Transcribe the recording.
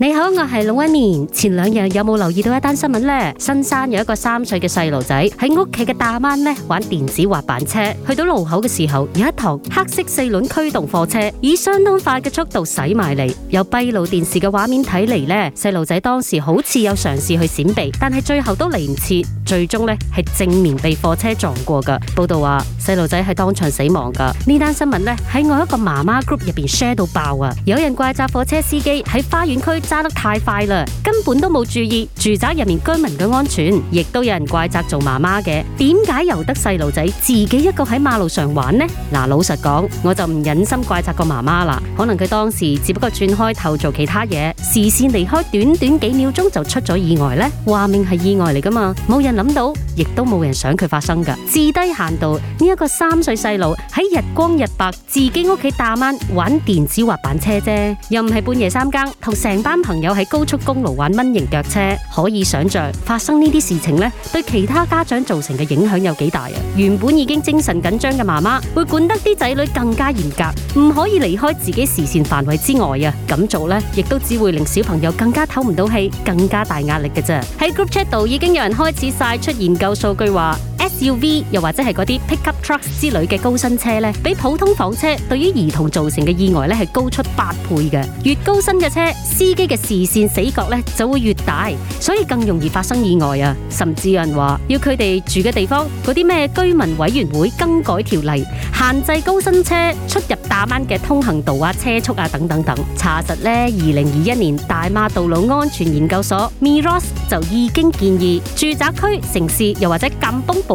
你好，我係龍紋敏。前兩日有冇留意到一單新聞呢？新山有一個三歲嘅細路仔喺屋企嘅大彎咧玩電子滑板車，去到路口嘅時候，有一台黑色四輪驅動貨車以相當快嘅速度駛埋嚟。由閉路電視嘅畫面睇嚟呢，細路仔當時好似有嘗試去閃避，但係最後都嚟唔切，最終呢係正面被貨車撞過噶。報道話細路仔係當場死亡噶。呢單新聞咧喺我一個媽媽 group 入面 share 到爆啊！有人怪責貨車司機喺花園區，揸得太快啦，根本都冇注意住宅入面居民嘅安全，亦都有人怪責做媽媽嘅，點解由得細路仔自己一個喺馬路上玩呢？嗱，老實講，我就唔忍心怪責個媽媽啦。可能佢當時只不過轉開頭做其他嘢，視線離開短短幾秒鐘就出咗意外咧。話明係意外嚟噶嘛，冇人諗到，亦都冇人想佢發生噶。至低限度，呢、這、一個三歲細路喺日光日白自己屋企大晚玩電子滑板車啫，又唔係半夜三更同成班。朋友喺高速公路玩蚊型腳車，可以想象發生呢啲事情咧，對其他家長造成嘅影響有幾大啊！原本已經精神緊張嘅媽媽，會管得啲仔女更加嚴格，唔可以離開自己視線範圍之外啊！咁做呢，亦都只會令小朋友更加透唔到氣，更加大壓力嘅啫。喺 Group Chat 度已經有人開始晒出研究數據，話。SUV 又或者係嗰啲 pickup trucks 之類嘅高身車咧，比普通房車對於兒童造成嘅意外咧係高出八倍嘅。越高身嘅車，司機嘅視線死角咧就會越大，所以更容易發生意外啊！甚至有人話要佢哋住嘅地方嗰啲咩居民委員會更改條例，限制高身車出入大曼嘅通行道啊、車速啊等等等。查實呢，二零二一年大馬道路安全研究所 Miros 就已經建議住宅區、城市又或者甘榜，